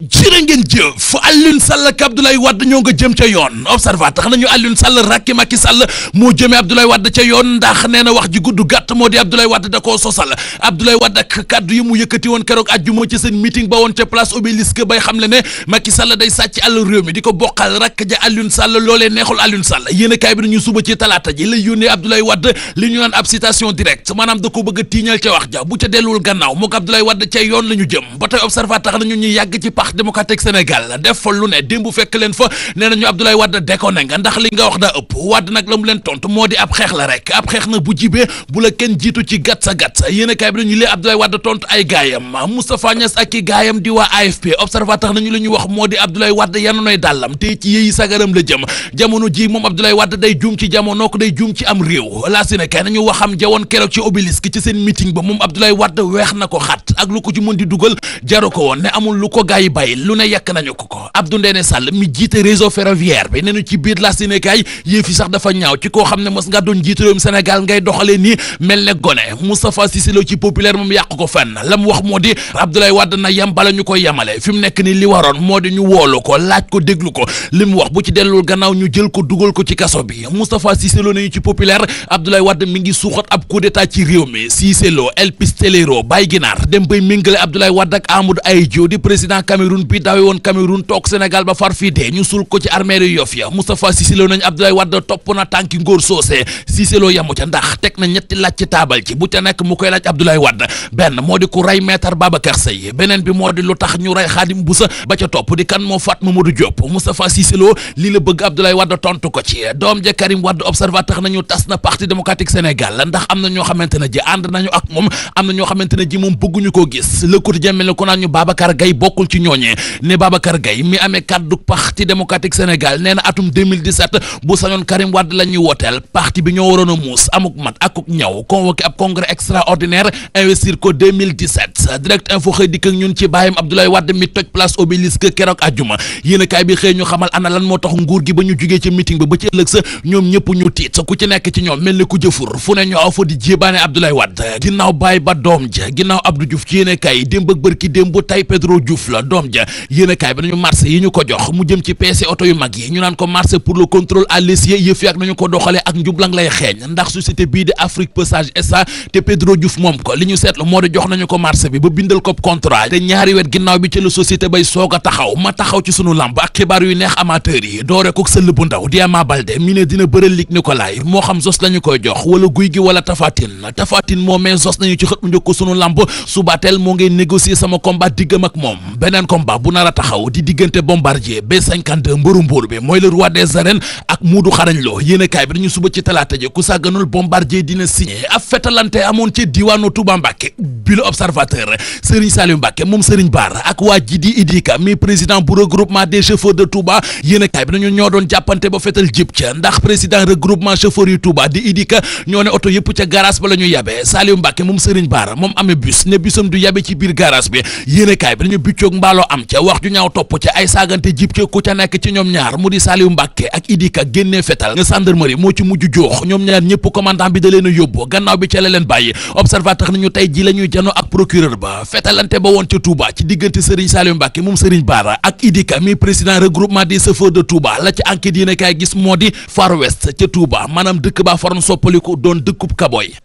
jërë ngeen jëf Alioune Sall ak Abdoulaye Wade ñoo nga jëm ca yoon observateur tax nañu Alioune Sall rakki Macky Sall moo jëmee Abdoulaye Wade ca yoon ndax nee na wax gudd gàtt moo di Abdoulaye Wade da koo sosal Abdoulaye Wade ak kaddu yi woon keroog àjjuma ci seen meeting le ne Macky Sall day di ko bokkal rakk ja a kaay bi nañu suba ci talaata ji lay yónnee a tiiñal wax ja bu ca delluwul yoon la ñu jëm ba tey observateur tax nañu ñuy yàgg ci pax Parti démocratique Sénégal def fa lu ne démb fekk leen fa nee nañu Abdoulaye Wade déconné nga ndax li nga wax daa ëpp Wade nag la mu leen tontu moo di ab xeex la rek ab xeex na bu jibee bu la kenn jiitu ci gàtt sa gàtt sa yéen a kaay bi dañu lee Abdoulaye Wade tontu ay gaayam Moustapha Niass ak i gaayam di waa AFP observateur nañu li ñu wax moo di Abdoulaye Wade yanonoy dàllam te ci yéeyi sagaram la jëm jamono ji moom Abdoulaye Wade day juum ci jamono ko day juum ci am réew laa si ne kay nañu waxam jawoon keroog ci obélisque ci seen meeting ba moom Abdoulaye Wade weex na ko xat ak lu ko ci mën di dugal jaru ko woon ne amul lu ko gaay mbay lu ne yàkk nañu ko ko Abdou Ndéné Sall mi jiite réseau ferroviaire bi ne ñu ci biir las yéenekaay yëf yi sax dafa ñaaw ci koo xam ne mos nga doon jiite réewum Sénégal ngay doxalee nii mel ne gone Moustapha Cissé Lo ci populaire moom yàq ko fenn la mu wax moo di Abdoulaye Wade na yem bala ñu koy yemale fi nekk ni li waroon moo di ñu woolu ko laaj ko déglu ko li mu wax bu ci dellul gannaaw ñu jël ko dugal ko ci kaso bi Moustapha Cissé nañu ci populaire Cameroun bi dawe woon Cameroun toog Sénégal ba far ñu sul ko ci armée yu yof ya Moustapha Cissé Lo nañ Abdoulaye topp na tànki ngóor soosee Cissé Lo yamu ca ndax teg na ñetti laaj ci taabal ci bu ca nekk mu koy laaj Abdoulaye Wade benn moo di ku rey maître Babacar Seye beneen bi moo di lu tax ñu rey Khadim Boussa ba ca topp di kan moo faat Mamadou Diop Moustapha Cissé Lo lii la bëgg Abdoulaye Wade tontu ko ci doom ja Karim Wade observateur nañu tas na parti démocratique Sénégal ndax na ñoo xamante ne ji ànd nañu ak moom am na ne ji moom bëgguñu koo gis le ko naan ñu Babacar ñooñee ne Babacar Gaye mi amee kàddu parti démocratique Sénégal nee atum bu sañoon Karim Wade la ñuy wooteel bi ñoo waroon muus amuk mat akuk ñaw convoqué extraordinaire investir ko 2017 info xëy dikk ak ñun ci bàyyam Abdoulaye Wade mi toj place obélisque keroog ajuma yéen bi xëy xamal ana lan moo tax nguur gi ba ñu jugee ci meeting ba ba ci ëllëg sa ñoom ñëpp ñu tiit ku ci nekk ci ñoom mel ni ku jëfur fu ne ñoo aw fa di jébaane Abdoulaye doom ja yéen a bi nañu marché yi ñu ko jox mu jëm ci peese oto yu mag yi ñu naan ko marché pour le contrôle à l'essieu yëf yàgg nañu ko doxalee ak njublang lay xeeñ ndax société bii di Afrique Passage SA te Pedro Diouf moom ko li ñu seetlu moo di jox nañu ko marché bi ba bindal ko contrat te ñaari wet ginnaaw bi ci la société bay soog a taxaw ma taxaw ci sunu lamb ak xibaar yu neex amateur yi doore ko sëll bu ndaw di Ama Baldé mi dina bëral combat bu nar a taxaw di diggante bombardier be 52 mbëru mbóor bi mooy le roi des arènes ak Modou xarañ loo yéenekaay bi dañu suba ci talaata ji ku sàgganul Bombardier dina signé ab fetalante moon ci diwaanu Touba Mbàkke bi la observateur Serigne Saliou Mbàkke moom Serigne Bara ak waa ji di Idika mi président bu regroupement des chauffeurs de Touba yéenekaay bi dañu ñoo doon jàppante ba fetal ndax président regroupement chauffeurs yu Touba di Idika ñoo ne oto yëpp ca garage ba la ñu yabe Saliou Mbàkke moom Serigne Bara moom amee bus ne busam du yabe ci biir garage bi yéenekaay bi dañu biccoog mbaaloo am ca wax ju ñaaw topp ca ay saagante jib ca ku ca nekk ci ñoom ñaar mu di Saliou Mbàkke ak Idika génne fetal nga gendarmerie moo ci mujj joox ñoom ñaar ñëpp commandant bi da leen a yóbbu gannaaw bi ca la leen bàyyi observateur nañu tey ji la ñuy janoo ak procureur ba fetalante ba woon ca Touba ci diggante Serigne Saliou Mbacké moom Serigne Bara ak Idika mi président regroupement des chauffeurs de Touba la ci enquête yéen a gis moo di Far West ca Touba maanaam dëkk baa faroon soppaliku doon dëkkub kaboy